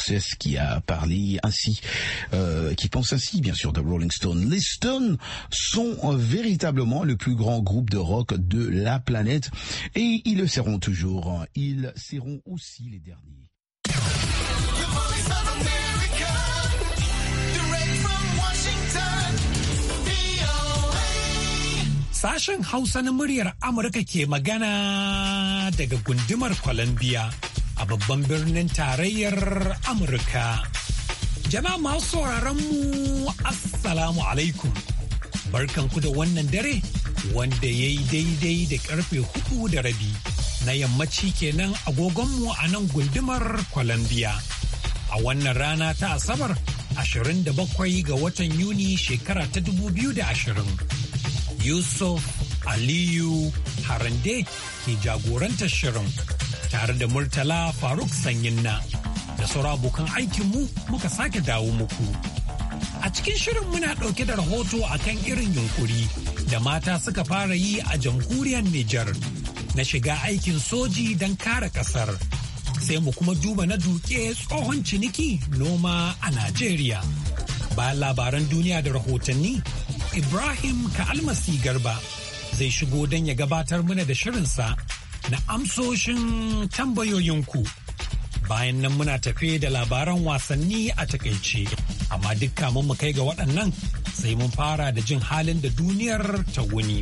ce qui a parlé ainsi, euh, qui pense ainsi bien sûr de Rolling Stone. Les Stones sont euh, véritablement le plus grand groupe de rock de la planète et ils le seront toujours. Hein. Ils seront aussi les derniers. Amurka ke magana daga a babban birnin tarayyar Amurka. Jama'a masu sauraron mu Assalamu alaikum. Barkanku da wannan dare wanda ya yi daidai da karfe hudu da rabi na yammaci kenan agogonmu a nan gundumar Colombia. A wannan rana ta Asabar 27 ga watan Yuni shekara ta 2020. Yusuf Aliyu Harande ke jagorantar shirin tare da Murtala Faruk Sanyinna da sauran abokan aikinmu muka sake dawo muku. A cikin shirin muna ɗauke da rahoto a kan irin yunkuri da mata suka fara yi a jamhuriyar Nijar na shiga aikin soji don kare ƙasar. Sai mu kuma duba na duke tsohon ciniki noma a Najeriya. Ba labaran duniya da rahotanni, Ibrahim Ka'almasi Garba zai shigo don ya gabatar mana da shirinsa na amsoshin tambayoyinku. Bayan nan muna tafe da labaran wasanni a takaice, amma dukka kamun mu kai ga waɗannan sai mun fara da jin halin da duniyar ta wuni.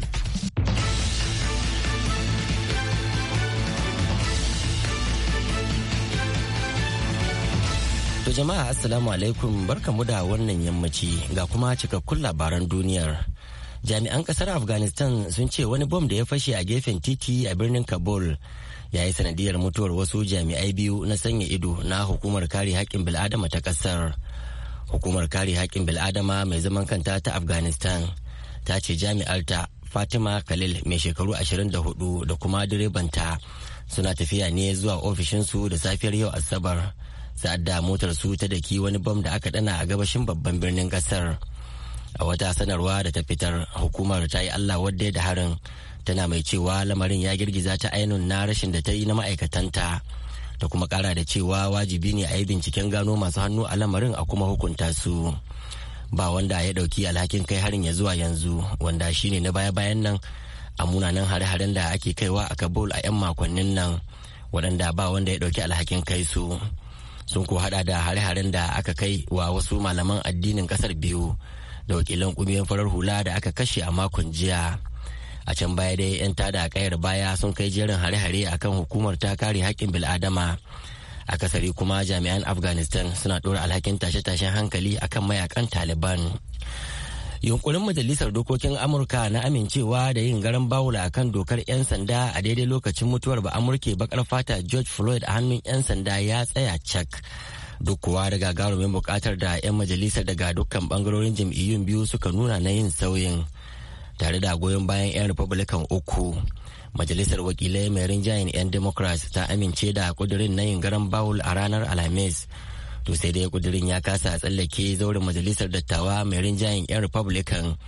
To jama'a assalamu alaikum barkamu da wannan yammaci ga kuma cikakkun labaran duniyar. jami'an kasar afghanistan sun ce wani bom da ya fashe a gefen titi a birnin kabul ya yi sanadiyar mutuwar wasu jami'ai biyu na sanya ido na hukumar kare haƙƙin bil'adama ta kasar hukumar kare haƙƙin bil'adama mai zaman kanta ta afghanistan ta ce jami'arta fatima khalil mai shekaru 24 da kuma direbanta suna tafiya ne zuwa ofishinsu da safiyar yau asabar sa'ad da motar su ta daki wani bom da aka dana a gabashin babban birnin kasar. a wata sanarwa da ta fitar hukumar ta yi allah wadda da harin tana mai cewa lamarin ya girgiza ta ainihin na rashin da ta yi na ma'aikatanta ta kuma kara da cewa wajibi ne a yi binciken gano masu hannu a lamarin a kuma hukunta su ba wanda ya dauki alhakin kai harin ya zuwa yanzu wanda shine na baya-bayan nan a munanan hare-haren da ake kaiwa a kabul a 'yan makonnin nan waɗanda ba wanda ya dauki alhakin kai su sun ko hada da hare-haren da aka kai wa wasu malaman addinin kasar biyu da wakilan kungiyar farar hula da aka kashe a makon jiya a can baya dai 'yan tada kayar baya sun kai jerin hare-hare a kan hukumar ta kare haƙƙin bil'adama a kasari kuma jami'an afghanistan suna ɗora alhakin tashe-tashen hankali akan mayakan taliban yunkurin majalisar dokokin amurka na amincewa da yin garan bawula kan dokar 'yan sanda a daidai lokacin mutuwar ba amurke bakar fata george floyd a hannun 'yan sanda ya tsaya cak duk kuwa da gagarumin bukatar da 'yan majalisar daga dukkan bangarorin jam'iyyun biyu suka nuna na yin sauyin tare da goyon bayan 'yan republican uku majalisar wakilai mai rinjayen 'yan democrats ta amince da kudirin na yin garan bawul a ranar alhamis to sai dai kudirin ya kasa tsallake zauren majalisar dattawa mai rinjayen 'yan republican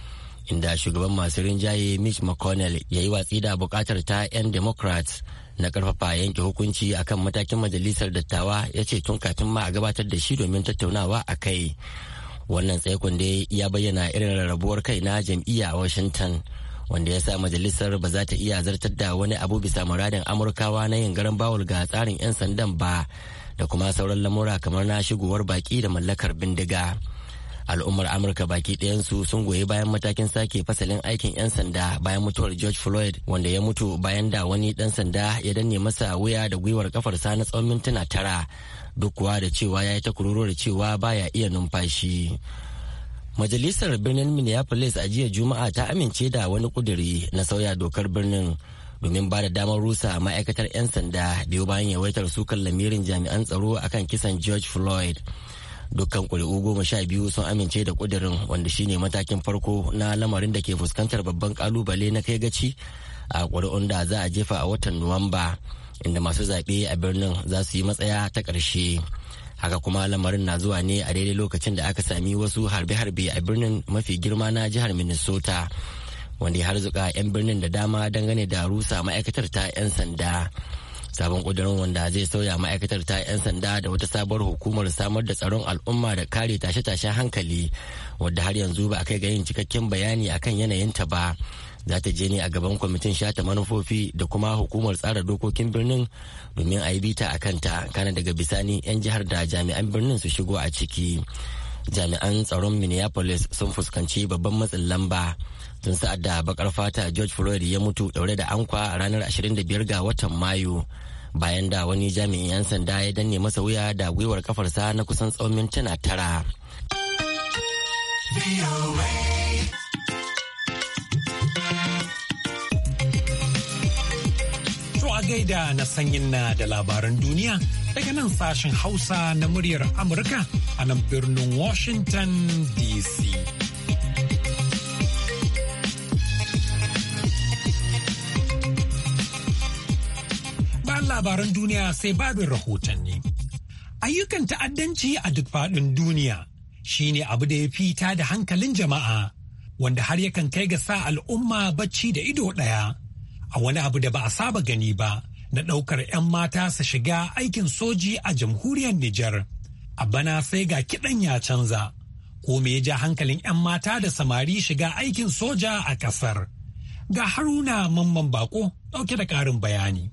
inda shugaban masu rinjaye mitch mcconnell ya yi watsi da bukatar ta 'yan democrats na karfafa yanke hukunci akan matakin majalisar dattawa ya ce tun kafin ma a gabatar da shi domin tattaunawa a kai wannan tsaikon dai ya bayyana irin rarrabuwar kai na jam'iyya a washington wanda ya sa majalisar ba za ta iya zartar da wani abu bisa muradin amurkawa na yin garan bawul ga tsarin 'yan sandan ba da kuma sauran lamura kamar na shigowar baki da mallakar bindiga. al'ummar amurka baki ɗayansu sun goyi bayan matakin sake fasalin aikin 'yan sanda bayan mutuwar george floyd wanda ya mutu bayan da wani ɗan sanda ya danne masa wuya da gwiwar kafarsa na tsawon mintuna tara duk kuwa da cewa ya yi ta kururo da cewa baya iya numfashi majalisar birnin minneapolis a jiya juma'a ta amince da wani kuduri na sauya dokar birnin domin ba da damar rusa ma'aikatar 'yan sanda biyu bayan yawaitar sukan lamirin jami'an tsaro akan kisan george floyd dukkan kuri'u goma sha biyu sun amince da kudirin wanda shine matakin farko na lamarin da ke fuskantar babban kalubale na kai gaci a kuri'un da za a jefa a watan nuwamba inda masu zaɓe a birnin za su yi matsaya ta ƙarshe haka kuma lamarin na zuwa ne a daidai lokacin da aka sami wasu harbe-harbe a birnin mafi girma na jihar minnesota wanda ya harzuka 'yan birnin da dama dangane da rusa ma'aikatar ta 'yan sanda sabon ƙudurin wanda zai sauya ma'aikatar ta 'yan sanda da wata sabuwar hukumar samar da tsaron al'umma da kare tashe-tashen hankali wadda har yanzu ba a kai ga yin cikakken bayani akan yanayinta ba za ta je ne a gaban kwamitin shata manufofi da kuma hukumar tsara dokokin birnin domin a yi bita a kanta kana daga bisani 'yan jihar da jami'an birnin su shigo a ciki jami'an tsaron minneapolis sun fuskanci babban matsin lamba tun sa'ad da bakar fata george floyd ya mutu daure da ankwa a ranar 25 ga watan mayu bayan da wani jami'in 'yan sanda ya danne masa wuya da gwiwar kafarsa na kusan tsawon mintuna tara. gaida na sanyin na da labaran duniya daga nan sashen hausa na muryar amurka a nan birnin washington dc labaran duniya sai babin rahotanni. Ayyukan ta'addanci a duk faɗin duniya shine abu da ya fita da hankalin jama'a wanda har yakan kai ga sa al'umma bacci da ido ɗaya a wani abu da ba a saba gani ba na ɗaukar 'yan mata su shiga aikin soji a jamhuriyar Nijar. A bana sai ga kiɗan ya canza, ko me ya ja hankalin 'yan mata da samari shiga aikin soja a ƙasar. Ga Haruna Mamman Bako ɗauke da ƙarin bayani.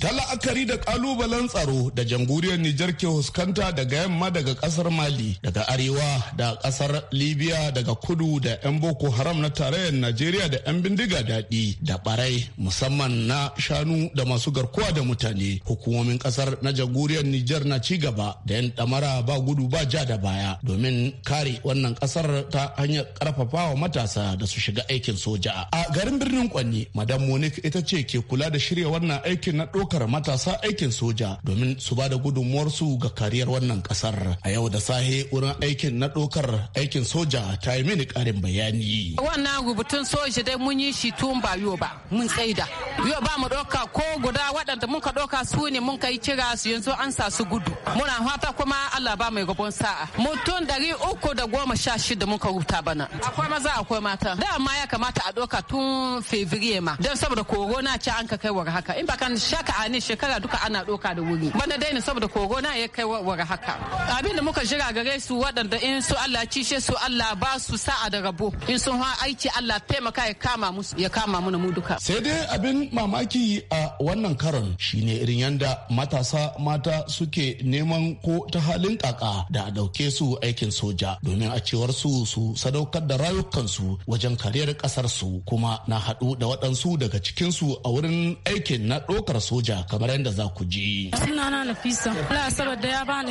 ta la'akari da kalubalen tsaro da jamhuriyar Nijar ke huskanta daga yamma daga kasar Mali daga arewa da kasar Libya daga kudu da 'yan Boko Haram na tarayyar Najeriya da 'yan bindiga daɗi da barai musamman na shanu da masu garkuwa da mutane hukumomin kasar na jamhuriyar Nijar na ci gaba da 'yan ɗamara ba gudu ba ja da baya domin kare wannan kasar ta hanyar karfafawa matasa da su shiga aikin soja a garin birnin Kwanni madam Monique ita ce ke kula da shirya wannan aikin na ɗaukar matasa aikin soja domin su ba da gudunmuwarsu ga kariyar wannan kasar A yau da sahe wurin aikin na ɗaukar aikin soja ta yi mini karin bayani. Wannan rubutun soja dai mun yi shi tun ba yau ba mun tsaida. Yau ba mu ɗauka ko guda waɗanda ka ɗauka su ne mun kai kira su yanzu an sa su gudu. Muna fata kuma Allah ba mai gabon sa'a. Mutum dari uku da goma sha shida muka rubuta bana. Akwai maza akwai mata. Da ma ya kamata a ɗauka tun Fevriye ma. Don saboda korona ce an ka kai wa haka. In ba kan shaka a ne shekara duka ana doka da wuri bana daina saboda na ya kai wara haka abin da muka jira gare su waɗanda in su Allah cishe su Allah ba su sa'a da rabo in sun ha aiki Allah taimaka ya kama musu ya kama mana mu duka sai dai abin mamaki a wannan karon shine irin yanda matasa mata suke neman ko ta halin kaka da dauke su aikin soja domin a cewar su su sadaukar da rayukansu wajen kariyar kasar su kuma na haɗu da waɗansu daga cikinsu a wurin aikin na ɗaukar soja Abuja kamar yadda za ku ji. Sunana Nafisa, Allah saboda ya bani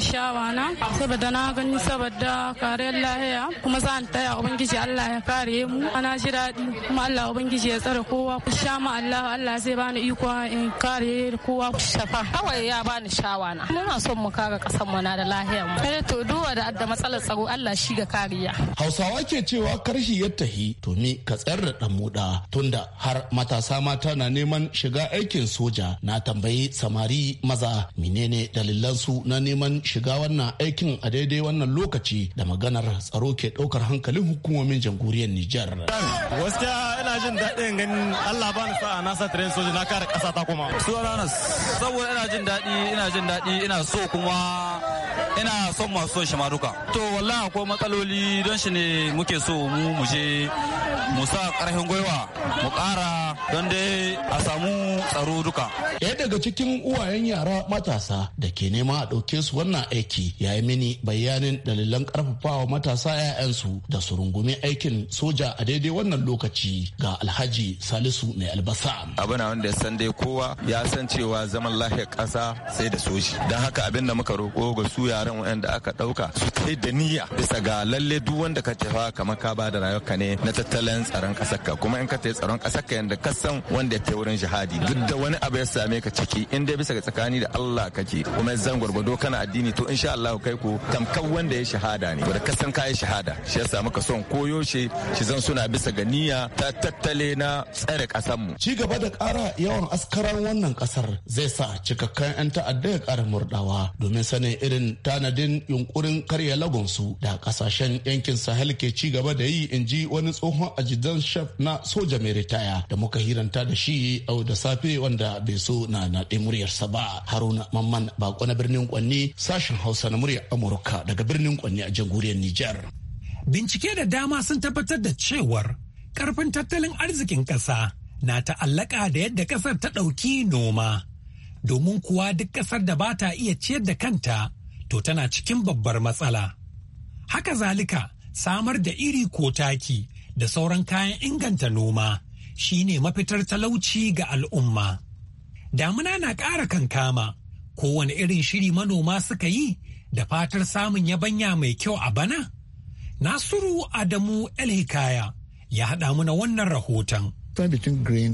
na. saboda na gani saboda kariyar lahiya, kuma za ni taya Ubangiji Allah ya kare mu, ana ji daɗi, kuma Allah Ubangiji ya tsare kowa, ku sha ma Allah, Allah zai bani iko in kare kowa. Shafa, kawai ya bani na. Muna son mu kare ƙasar mu na da lahiyar mu. Kare to duwa da adda matsalar tsaro Allah shi ga kariya. Hausawa ke cewa karshe ya tahi, to ni ka tsayar da ɗan muɗa, tunda har matasa mata na neman shiga aikin soja na tambayi samari maza menene dalilansu na neman shiga wannan aikin a daidai wannan lokaci da maganar tsaro ke ɗaukar hankalin hukumomin jamhuriyar Nijar. Gaskiya ina jin daɗin ganin Allah bani sa'a na sa tiren soji na kare ƙasa ta kuma. Suwaranas saboda ina jin daɗi ina jin daɗi ina so kuma ina son masu son shima duka. To wallahi akwai matsaloli don shi ne muke so mu muje mu sa ƙarfin gwiwa mu ƙara don dai a samu tsaro duka. Ɗaya daga cikin uwayen yara matasa da ke nema a ɗauke su wannan aiki ya yi mini bayanin dalilan ƙarfafawa matasa 'ya'yansu da su rungumi aikin soja a daidai wannan lokaci ga Alhaji Salisu mai albasa. Abuna wanda ya san dai kowa ya san cewa zaman lahiyar ƙasa sai da soji. Don haka abin da muka roƙo ga su yaran waɗanda aka ɗauka su da niyya bisa ga lalle duk wanda ka tafa kamar ka ba da rayuwarka ne na tattalin jami'an tsaron ƙasar ka kuma in ka tafi tsaron ƙasar ka yanda ka san wanda ya wurin jihadi duk da wani abu ya same ka ciki in dai bisa ga tsakani da Allah kake kuma zan gwargwado kana addini to insha Allah kai ko tamkar wanda ya shahada ne wanda ka san kai shahada shi ya samu ka son koyo shi shi zan suna bisa ga niyya ta tattale na tsare ƙasar mu ci gaba da ƙara yawan askaran wannan ƙasar zai sa cikakken 'yan ta'adda ya ƙara murdawa domin sanin irin tanadin yunkurin karya lagonsu da kasashen yankin sahel ke ci gaba da yi in ji wani tsohon a ajidan shaf na soja mai ritaya da muka hiranta da shi au da safe wanda bai so na naɗe muryarsa ba haruna mamman bako na birnin kwanni sashen hausa na muryar amurka daga birnin kwanni a jamhuriyar nijar bincike da dama sun tabbatar da cewar karfin tattalin arzikin ƙasa na ta'allaka da yadda ƙasar ta ɗauki noma domin kuwa duk ƙasar da ba ta iya ciyar da kanta to tana cikin babbar matsala haka zalika samar da iri ko taki da sauran kayan inganta noma shine mafitar talauci ga al'umma. Damuna na ƙara kankama, kowane irin shiri manoma suka yi da fatar samun yabanya mai kyau a bana? Nasiru Adamu El Hikaya ya haɗa muna wannan rahoton. between grain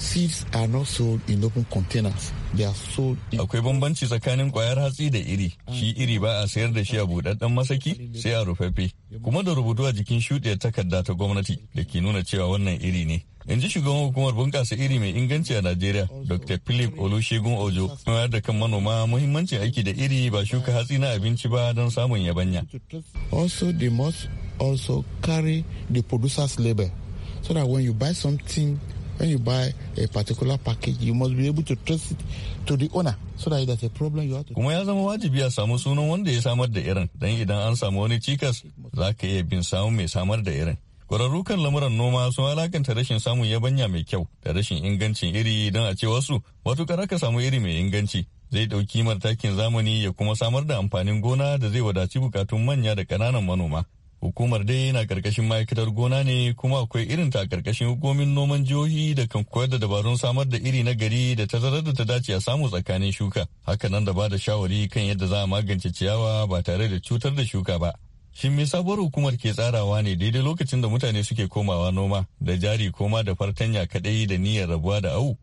seeds are not sold in open containers they are sold akwai bambanci tsakanin kwayar hatsi da iri shi iri ba a sayar da shi a budadden masaki sai a rufaffe kuma da rubutu a jikin shuɗiyar takarda ta gwamnati da ke nuna cewa wannan iri ne in ji shugaban hukumar bunƙasa iri mai inganci a najeriya dr philip olusegun ojo wayar da kan manoma muhimmancin aiki da iri ba shuka hatsi na abinci ba don samun yabanya also they must also carry the producer's label so that when you buy something When you buy a particular package, you must be able to trace it to the owner. So that a problem you have to. Kuma ya zama wajibi a samu sunan wanda ya samar da irin. Dan idan an samu wani cikas, za ka iya bin samu mai samar da irin. kwararrukan lamuran noma sun alakanta rashin samun yabanya mai kyau da rashin ingancin iri don a ce wasu matukar aka samu iri mai inganci zai ɗauki takin zamani ya kuma samar da amfanin gona da zai wadaci bukatun manya da ƙananan manoma Hukumar dai na karkashin ma'aikatar gona ne kuma akwai irin ta karkashin hukumomin noman jihohi da kan koyar da dabarun samar da iri na gari da tazarar da ta dace a samu tsakanin shuka. Hakanan da ba da shawari kan yadda za a magance ciyawa ba tare da cutar da shuka ba. Shin me sabuwar hukumar ke tsarawa ne daidai lokacin da mutane suke komawa noma da jari koma da fartanya kadai da niyyar rabuwa da au?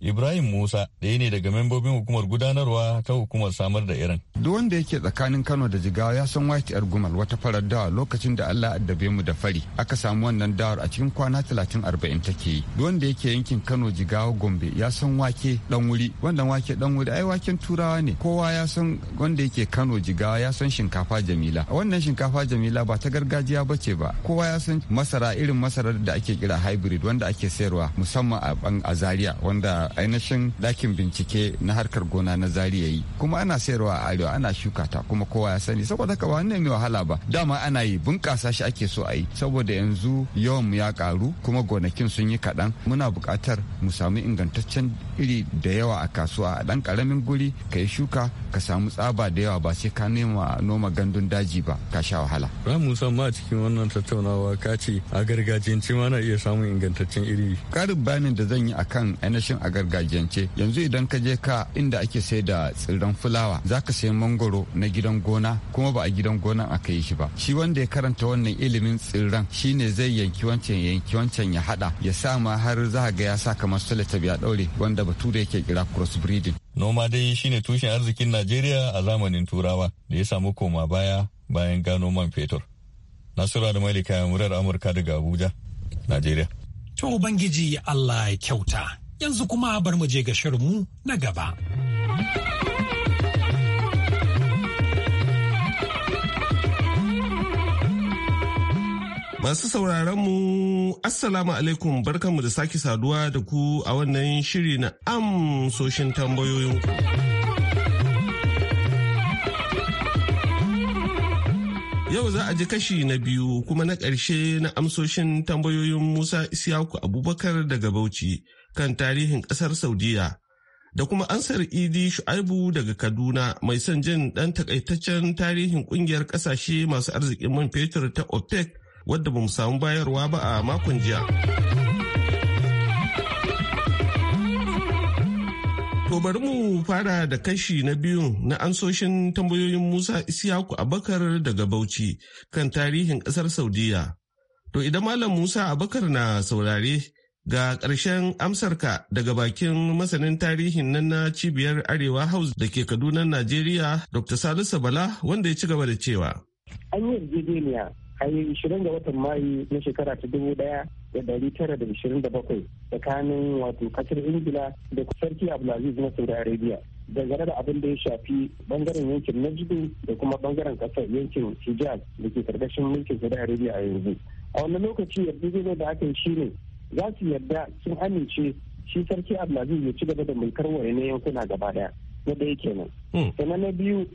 Ibrahim Musa ɗaya ne daga membobin hukumar gudanarwa ta hukumar samar da irin. Duk wanda yake tsakanin Kano da Jigawa ya san White Gumal wata farar dawa lokacin da Allah addabe mu da fari. Aka samu wannan dawar a cikin kwana talatin ta take yi. Duk wanda yake yankin Kano Jigawa Gombe ya san wake dan wuri. Wannan wake dan wuri ai waken turawa ne. Kowa ya san wanda yake Kano Jigawa ya san shinkafa Jamila. Wannan shinkafa Jamila ba ta gargajiya ba ce ba. Kowa ya san masara irin masarar da ake kira hybrid wanda ake sayarwa musamman a Zaria wanda ainihin dakin bincike na harkar gona na zari yayi kuma ana sayarwa a arewa ana shuka ta kuma kowa ya sani saboda haka ba ne mai wahala ba dama ana yi bunƙasa shi ake so a yi saboda yanzu yawan mu ya karu kuma gonakin sun yi kaɗan muna buƙatar mu samu ingantaccen iri da yawa a kasuwa a ɗan ƙaramin guri ka yi shuka ka samu tsaba da yawa ba sai ka nema noma gandun daji ba ka sha wahala. san ma cikin wannan tattaunawa ka ce a gargajiyance ma na iya samun ingantaccen iri. karin bayanin da zan yi akan ainihin a gargajiyance yanzu idan ka je ka inda ake sai da tsirran fulawa zaka sayi mangoro na gidan gona kuma ba a gidan gonan aka yi shi ba shi wanda ya karanta wannan ilimin tsirran shine zai yanki wancan yanki wancan ya hada ya sa ma har za ga ya sa kamar sulata ya daure wanda bature yake kira crossbreeding noma dai shine tushen arzikin najeriya a zamanin turawa da ya samu koma baya bayan gano man fetur nasura da malika murar amurka daga abuja najeriya to ubangiji allah ya kyauta yanzu kuma bar mu je ga shirinmu na gaba. Masu sauraron mu Assalamu alaikum barkanmu da sake saduwa da ku a wannan shiri na amsoshin tambayoyinku. Yau za a ji kashi na biyu kuma na ƙarshe na amsoshin tambayoyin Musa Isiyaku Abubakar daga Bauchi kan tarihin ƙasar Saudiya. Da kuma ansar Idi Shu'aibu daga Kaduna mai son jin ɗan takaitaccen tarihin ƙungiyar ƙasashe masu arzikin man fetur ta OPEC wadda ba mu samu bayarwa ba a makon jiya. To bari mu fara da kashi na biyu na ansoshin tambayoyin Musa Isiyaku Abakar daga Bauchi kan tarihin ƙasar Saudiya. To idan Malam Musa Abakar na saurare Ga ƙarshen amsarka daga bakin masanin tarihin nan na cibiyar Arewa House da ke Kaduna, Najeriya, Dr. Salisu Bala wanda ya ci gaba da cewa. An yi jirginiya a 20 ga watan Mayu na shekara ta dubu daya da dari tara da ishirin da bakwai tsakanin wato kasar Ingila da sarki Abdulaziz na Saudi Arabia. dangane da abin da ya shafi bangaren yankin najdu da kuma bangaren kasar yankin hijaz da ke karkashin mulkin saudi arabia a yanzu a wani lokaci yarjejeniyar da aka yi shine za su yarda sun amince shi sarki abdulaziz ya ci gaba da mulkar ne yankuna gaba daya na ɗaya kenan kuma hmm. na biyu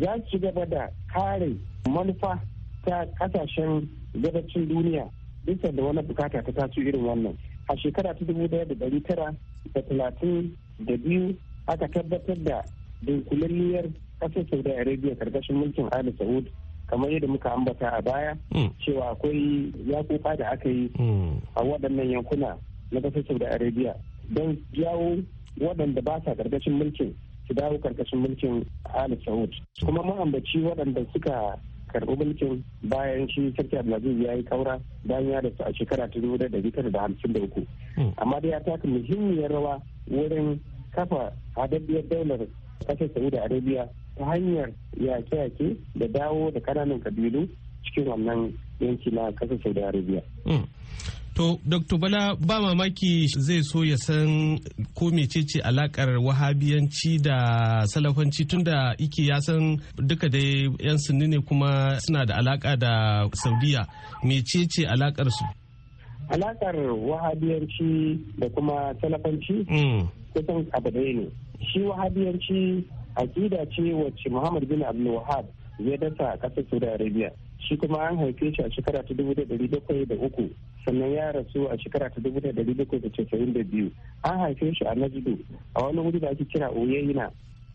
za su ci gaba da kare manufa ta kasashen gabacin duniya bisa da wani bukata ta taso irin wannan a shekara ta dubu daya da dari tara da talatin da biyu aka tabbatar da dinkulalliyar kasar saudi arabia karkashin mulkin ali saud kamar yadda muka ambata a baya hmm. cewa akwai yakuka da aka yi hmm. a waɗannan yankuna na ƙasar saudi arabia don jawo waɗanda ba sa ƙarƙashin mulkin su dawo ƙarƙashin mulkin ali saud kuma ma'ambaci waɗanda suka karɓi mulkin bayan shi sarki abdulaziz ya yi kaura bayan ya rasu a shekara ta dubu da tara da hamsin da uku hmm. amma dai ya taka muhimmiyar rawa wurin kafa hadaddiyar daular ƙasar saudi arabia ta hanyar yaƙe-yaƙe da dawo da ƙananan kabilu cikin wannan yanki na ƙasar saudi arabia hmm. To, Dr. Bala ba mamaki zai so ya san ko mecece alakar wahabiyanci da salafanci tunda ike ya san duka dai 'yan sunni ne kuma suna da alaka da Saudiya. Mecece alakar su? Alakar wahabiyanci da kuma salafanci hmm. kusan abu ne. Shi wahabiyanci aƙida ce wacce muhammad bin abdul wahab ya dasa a ƙasar saudi arabia shi kuma an haife shi a shekara ta dubu da dari bakwai da uku sannan ya rasu a shekara ta dubu da dari bakwai da casa'in da biyu an haife shi a najdu a wani wuri da ake kira oyeyina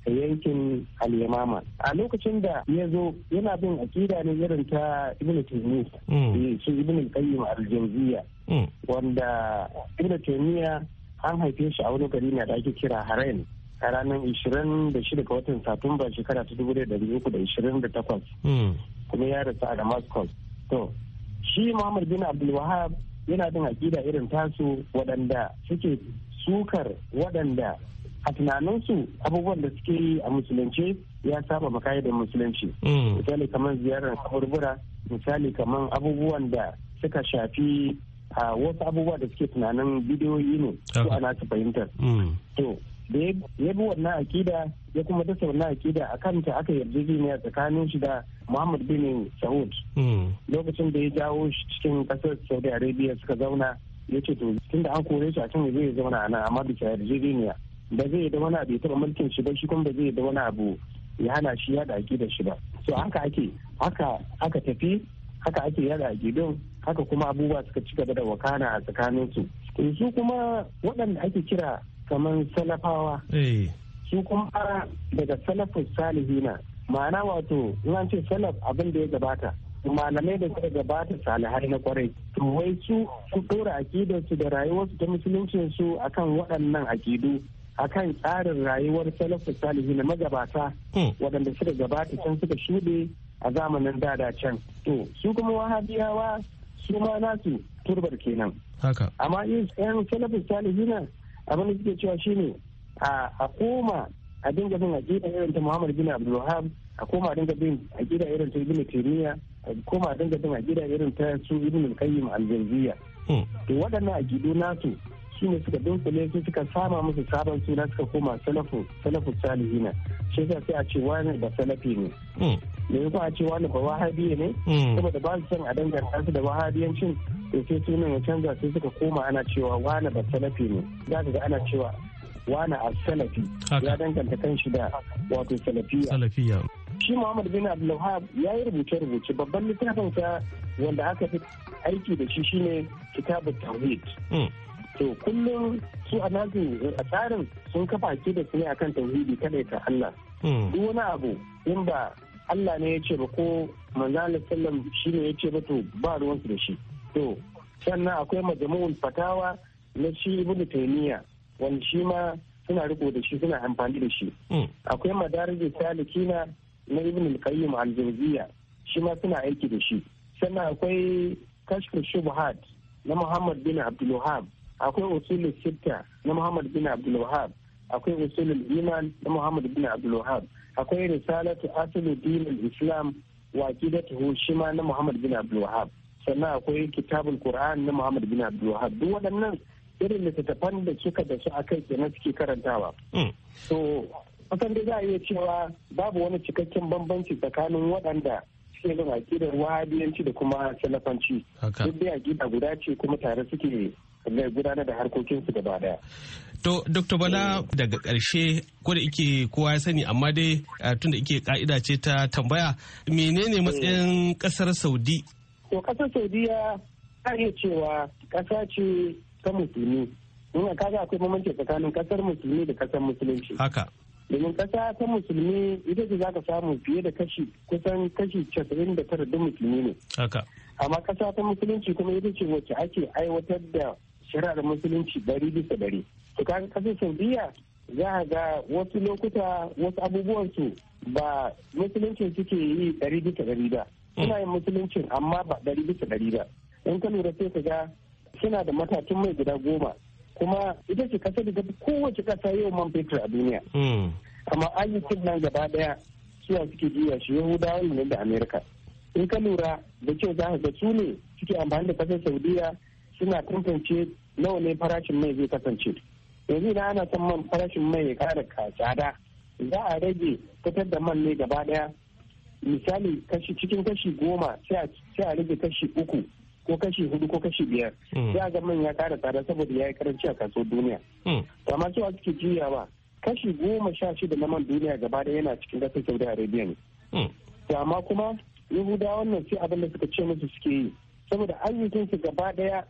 a yankin alyamama a lokacin da ya zo yana bin akida ne irin ta ibn taymiya hmm. eh, su ibn qayyim al hmm. wanda ibn Tumiya an haife shi a wani gari na da ake kira harain a ranar 26 ga watan satumba shekara ta 2028 hmm. kuma ya rasu a damascus to shi muhammad bin abdulwahab yana bin aƙida irin tasu waɗanda suke sukar waɗanda a tunaninsu abubuwan da suke yi a musulunci ya saba makayi da musulunci hmm. misali kamar ziyarar kaburbura misali kamar abubuwan da suka shafi a ah, wasu abubuwa da suke tunanin bidiyoyi ne su ana su fahimtar hmm. to da ya bi wannan akida ya kuma dasa wannan akida a kan ta aka yarjejeniya tsakanin shi da muhammad bin saud hmm. lokacin da ya jawo shi cikin kasar saudi arabia suka zauna ya ce to tun da an kore shi a can zai zauna a nan amma bisa yarjejeniya ba zai yi da wani abu ya taɓa mulkin shi ba shi kuma ba zai yi da wani abu ya hana shi yada akidar shi ba so haka ake haka aka tafi haka ake yada akidun haka kuma abubuwa suka ci gaba da wakana a tsakanin su su kuma waɗanda ake kira kamar salafawa eh. su kuma fara daga salafin salihina ma'ana wato in ce salaf abin da ya gabata malamai da suka gabata salihai na kwarai to wai su su dora akidarsu da rayuwarsu ta musuluncin su akan waɗannan akidu akan tsarin rayuwar salafin salihina magabata hmm. waɗanda suka gabata can suka shuɗe a zamanin dada can to su kuma wahabiyawa su ma nasu turbar kenan amma yan salafin salihina abin da suke cewa ne a koma a dinga bin aƙida irin ta muhammad bin abdulwahab a koma a dinga bin aƙida irin ta ibn taymiya a koma a dinga bin aƙida irin ta su ibn al-qayyim al-jawziyya hmm. to waɗannan aƙidu nasu shine suka dunkule su suka sama musu sabon suna suka koma salafu salafu salihina shi yasa sai a ce wani ba salafi ne hmm. me yasa a ce wani ba wahabiye ne hmm. saboda ba su san a danganta su da wahabiyancin to sai sunan ya canza sai suka koma ana cewa wani ba salafi ne za ga ana cewa wani a salafi ya danganta kan shi da wato salafiya shi Muhammad bin Abdulwahab ya yi rubuce-rubuce babban littafin sa wanda aka fi aiki da shi shine kitabu tawhid hmm. to kullum su a nazi a tsarin sun kafa ke da sune ne akan tauhidi kada ta Allah hmm. duk wani abu in ba Allah ne ya ce ba ko manzalin sallam shi ne ya ce ba to ba ruwan su da shi to sannan akwai majamu'un fatawa na shi ibnu taymiya wanda shi ma suna riko da shi suna amfani da shi hmm. akwai madarijin salikina na ibnu al-qayyim al-jawziya shi ma suna aiki da shi sannan akwai kashfu shubhat na muhammad bin abdul akwai usulul sitta na Muhammad bin Abdul akwai usulul iman na Muhammad bin Abdul akwai risalatu aslu dinul islam wa ta shima na Muhammad bin Abdul sannan akwai kitabul Qur'an na Muhammad bin Abdul duk waɗannan irin littattafan da suka da su akai na suke karantawa hmm. so kusan da za a iya cewa babu wani cikakken bambanci tsakanin waɗanda suke bin aƙidar wahabiyanci da kuma salafanci duk dai guda ce kuma tare suke gudanar da harkokinsu gaba daya. To, Dr. Bala daga ƙarshe ko da ike kowa ya sani amma dai eh, tun da ike ka'ida ce ta tambaya menene matsayin ƙasar Saudi? To, ƙasar Saudi ya iya cewa ƙasa ce ta musulmi. Nuna kaga akwai mamanci tsakanin ƙasar musulmi da ƙasar musulunci. Haka. domin ƙasa ta musulmi ita ce za ka samu fiye da kashi kusan kashi casa'in da tara da musulmi ne amma ƙasa ta musulunci kuma ita ce wacce ake aiwatar da shari'ar musulunci dari bisa dari to kan kasar saudiya za a ga wasu lokuta wasu abubuwan su ba musuluncin suke yi dari bisa dari ba suna yin musuluncin amma ba dari bisa dari ba in ka lura sai ka ga suna da matakin mai gida goma kuma ita ce kasar da kowace kasa yau man fetur a duniya hmm. amma ayyukan nan gaba daya suwa suke juya shi yahudawa ne da amerika in ka lura da kyau za ka ga su ne suke amfani da kasar saudiya suna tantance nawa ne farashin mai zai kasance yanzu idan ana san man farashin mai ya kara tsada za a rage fitar da man ne gaba daya misali kashi cikin kashi goma sai a rage kashi uku ko kashi hudu ko kashi biyar hmm. sai a ga man ya kara tsada saboda ya yi karanci a kasuwar duniya hmm. amma cewa suke juyawa kashi goma sha shida na man duniya gaba daya yana cikin kasar saudi arabia ne hmm. amma kuma yahudawa wannan sai abin da suka ce musu suke yi saboda ayyukansu gaba daya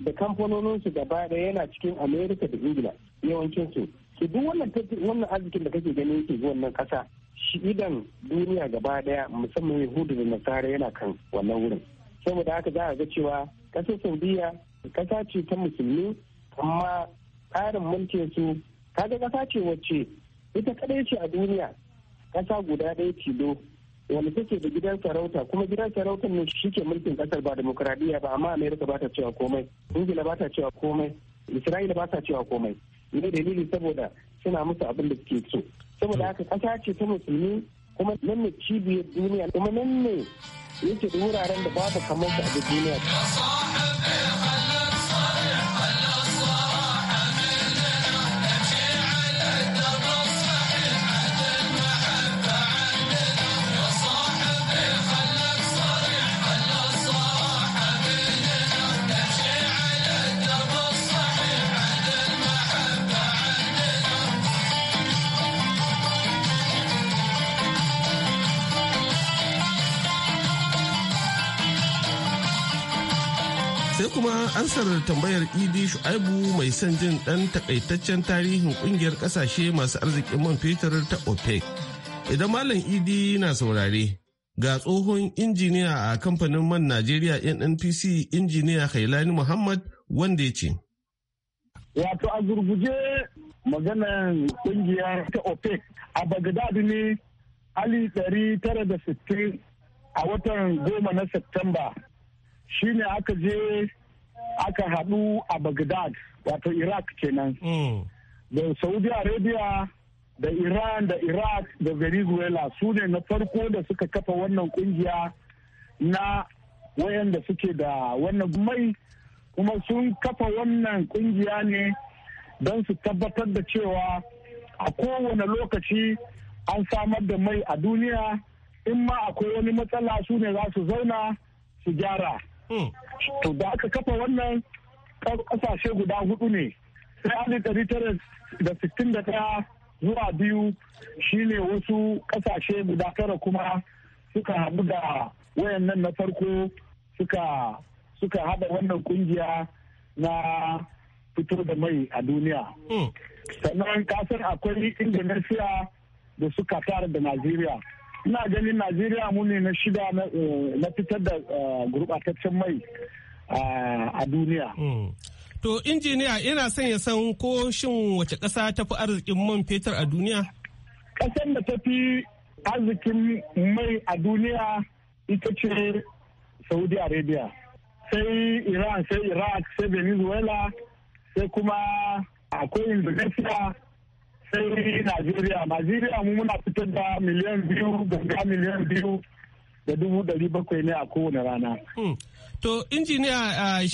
da kamfanoninsu gaba da yana cikin america da ingila yawancinsu su duk wannan wannan arzikin da kake ganin yake zuwan nan kasa shi idan duniya gaba daya musamman yahudu da nasara yana kan wannan wurin saboda haka za a ga cewa kasar saudiya kasa ce ta musulmi amma tsarin mulkin su kaga kasa ce wacce ita kadai ce a duniya kasa guda ɗaya tilo wani take da gidan sarauta kuma gidan sarautar ne shike mulkin kasar ba demokradiyya ba amma amerika ba ta cewa komai ingila ba ta cewa komai isra'ila ba ta cewa komai ne dalili saboda suna musu abin da suke so saboda haka kasa ce ta musulmi kuma nan ne cibiyar duniya kuma nan ne yake da wuraren da ta kamar su a duniya sai kuma ansar tambayar idi shu'aibu mai son jin dan takaitaccen tarihin kungiyar kasashe masu arzikin man fetur ta opec idan malam idi na saurare ga tsohon injiniya a kamfanin man najeriya nnpc injiniya hailani muhammad wanda ya ce wato a gurguje maganan kungiyar ta opec a bagdad ne ali 960 a watan goma na septemba shi ne aka je aka haɗu a bagdad wato iraq kenan mm. da saudi arabia da iran da iraq da venezuela su ne na farko da suka kafa wannan kungiya na wayanda suke da wannan mai kuma sun kafa wannan kungiya ne don su tabbatar da cewa a kowane lokaci an samar da mai a duniya in ma akwai wani matsala su ne za su zauna su gyara Hmm. To da aka kafa wannan kasashe guda hudu ne sai alif ɗari da sittin da ta zuwa biyu shine wasu kasashe guda tara kuma suka haɗu da wayannan na farko suka haɗa wannan kungiya na fito da mai a duniya. Hmm. Sannan kasar akwai Indonesia da suka tara da Najeriya. ina ganin najeriya mu ne na shida na eh, fitar da eh, gurbataccen mai eh, a duniya hmm. to injiniya ina son ya san ko shin wace ƙasa ta fi arzikin man fetur a duniya ƙasar da ta fi arzikin mai a duniya ita ce saudi arabia sai iran sai iraq sai venezuela sai kuma akwai indonesia sai Najeriya. Najeriya mu muna fitar da miliyan biyu ganga miliyan biyu da dubu dari bakwai ne a kowane rana. Hmm. To injiniya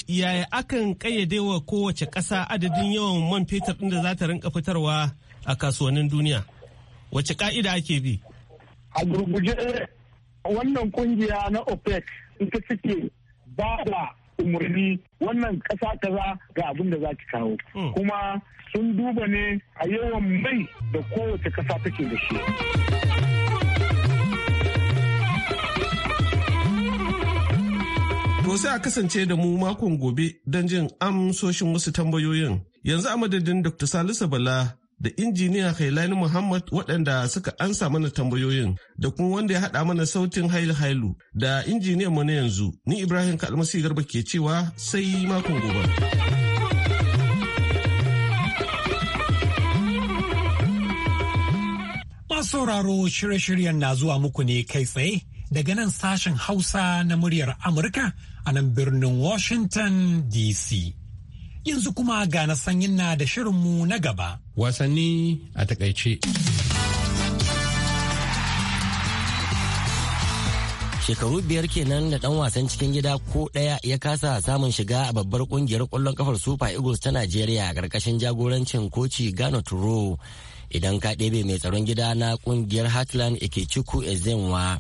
yaya akan kayyade wa kowace ƙasa adadin yawan man fetur ɗin da za ta rinka fitarwa a kasuwannin duniya? Wace ka'ida ake bi? A gurguje wannan kungiya na OPEC ita suke ba da umarni wannan ƙasa kaza ga abin da za ki kawo hmm. kuma sun duba ne a yawan mai da kowace ƙasa take da shi. To sai a kasance da mu makon gobe don jin amsoshin wasu tambayoyin. Yanzu a madadin Dr. Salisu Bala da injiniya Hailani Muhammad waɗanda suka ansa mana tambayoyin da kuma wanda ya haɗa mana sautin Hail Hailu da injiniyan mu na yanzu ni Ibrahim Kalmasi Garba ke cewa sai makon gobe. Masu sauraro shirye-shiryen na zuwa muku ne kai tsaye daga nan sashen Hausa na muryar Amurka a nan birnin Washington DC. Yanzu kuma ga na sanyin na da shirinmu na gaba. Wasanni a takaice. Shekaru biyar kenan da ɗan wasan cikin gida ko ɗaya ya kasa samun shiga a babbar ƙungiyar kwallon kafar Super Eagles ta Najeriya a ƙarƙashin jagorancin koci Gano Turo. Idan ka ɗebe mai tsaron gida na ƙungiyar Heartland Ikechukwu Ezenwa.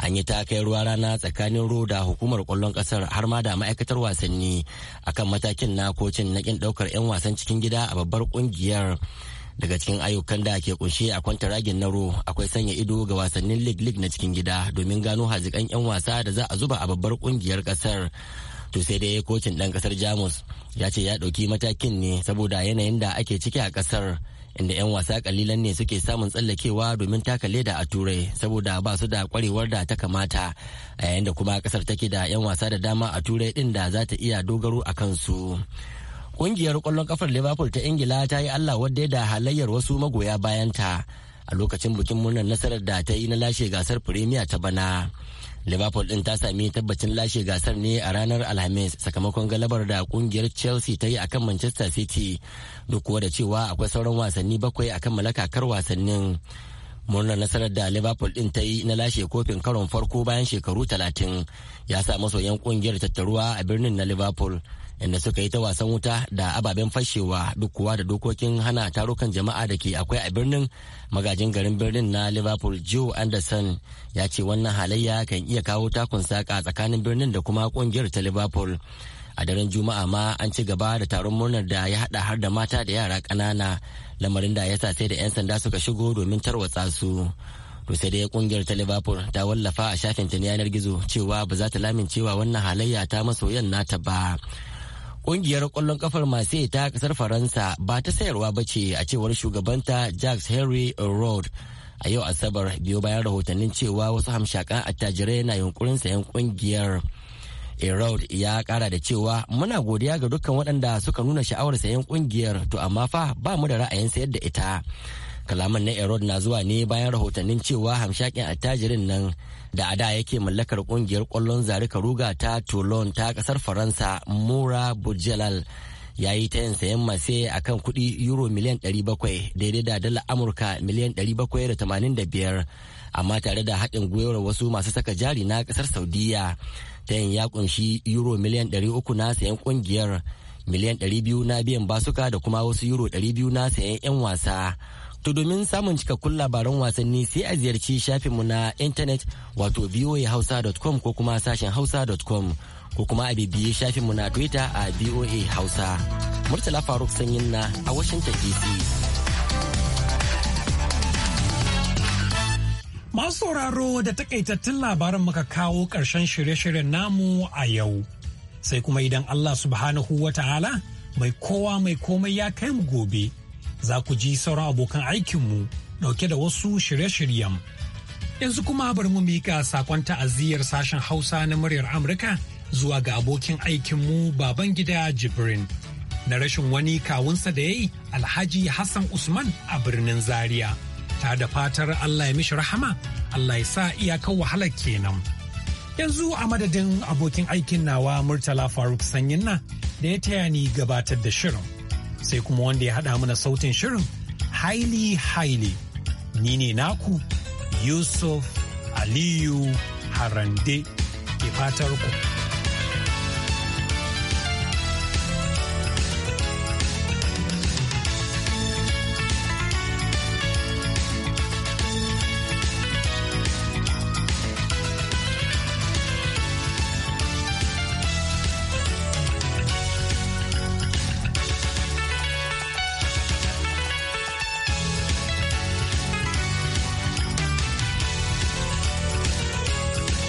an yi ta kai ruwa rana tsakanin ro da hukumar kwallon kasar har ma da ma'aikatar wasanni akan matakin na kocin na kin daukar 'yan wasan cikin gida a babbar kungiyar daga cikin ayyukan da ke kunshe a kwanta ragin na ro akwai sanya ido ga wasannin Lig-lig na cikin gida domin gano hazikan 'yan wasa da za a zuba a babbar kungiyar kasar to sai dai kocin dan kasar jamus ya ce ya ɗauki matakin ne saboda yanayin da ake ciki a kasar inda 'yan wasa kalilan ne suke samun tsallakewa domin taka leda a turai saboda ba su da kwarewar da ta kamata a yayin da kuma kasar take da 'yan wasa da dama a turai din da za ta iya dogaro a kansu kungiyar kwallon kafar liverpool ta ingila ta yi allah wadda da halayyar wasu magoya bayanta a lokacin bikin murnar nasarar da ta yi na lashe gasar premier ta bana liverpool din ta sami tabbacin lashe gasar ne a ranar alhamis sakamakon galabar da kungiyar chelsea ta yi akan manchester city duk kuwa da cewa akwai sauran wasanni bakwai akan malakakar wasannin murnar nasarar da liverpool din ta yi na lashe kofin karon farko bayan shekaru talatin ya sa masoyan kungiyar tattaruwa a birnin na liverpool inda suka yi ta wasan wuta da ababen fashewa duk da dokokin hana tarukan jama'a da ke akwai a birnin magajin garin birnin na liverpool joe anderson ya ce wannan halayya kan iya kawo takun saka tsakanin birnin da kuma kungiyar ta liverpool a daren juma'a ma an ci gaba da taron murnar da ya hada har da mata da yara kanana lamarin da ya sa sai da 'yan sanda suka shigo domin tarwatsa su to sai dai kungiyar ta liverpool ta wallafa a shafin ta yanar gizo cewa ba za ta lamincewa wannan halayya ta masoyan nata ba Ƙungiyar ƙwallon kafar masu ta ƙasar Faransa ba ta sayarwa ba ce a cewar shugabanta Jacques Henry Road. A yau Asabar biyo bayan rahotannin cewa wasu hamshakan attajirai na yunkurin sayan ƙungiyar. Erod eh, ya ƙara da cewa muna godiya ga dukkan waɗanda suka nuna sha'awar sayan ƙungiyar to amma fa ba mu da ra'ayin sayar da ita. kalaman na erod na zuwa ne bayan rahotannin cewa hamshakin attajirin nan da ada yake mallakar kungiyar kwallon zari ruga ta toulon ta kasar faransa mura bujalal ya yi ta yin sayan mase a kan kudi euro miliyan 700 daidai da dala amurka miliyan 785 amma tare da haɗin gwiwar wasu masu saka jari na kasar saudiya ta yin ya kunshi euro miliyan 300 na sayan kungiyar miliyan 200 na biyan basuka da kuma wasu euro 200 na sayan 'yan wasa To domin samun cikakkun labaran wasanni sai a ziyarci shafinmu na intanet wato voahausa.com ko kuma sashen hausa.com ko kuma a bibiye shafinmu na Twitter a voa hausa. Murtala Faruk Sanyin na a Washington DC. Masu sauraro da takaitattun labaran muka kawo ƙarshen shirye-shiryen namu a yau. Sai kuma idan Allah subhanahu wa ta'ala mai kowa mai komai ya kai mu gobe za ku ji sauran abokan aikinmu ɗauke da wasu shirye-shiryen. Yanzu kuma bari mu miƙa sakon ta'aziyyar sashen Hausa na muryar Amurka zuwa ga abokin aikinmu gida Jibrin. Na rashin wani kawunsa da ya yi Alhaji Hassan Usman a birnin Zaria. Ta da fatar Allah ya mishi rahama, Allah ya sa iyakar wahalar kenan. Yanzu a madadin abokin aikin nawa Murtala Faruk Sanyin na da ya taya ni gabatar da shirin. sai kuma wanda ya haɗa mana sautin shirin haili haili ni ne naku yusuf aliyu harande ke fatar ku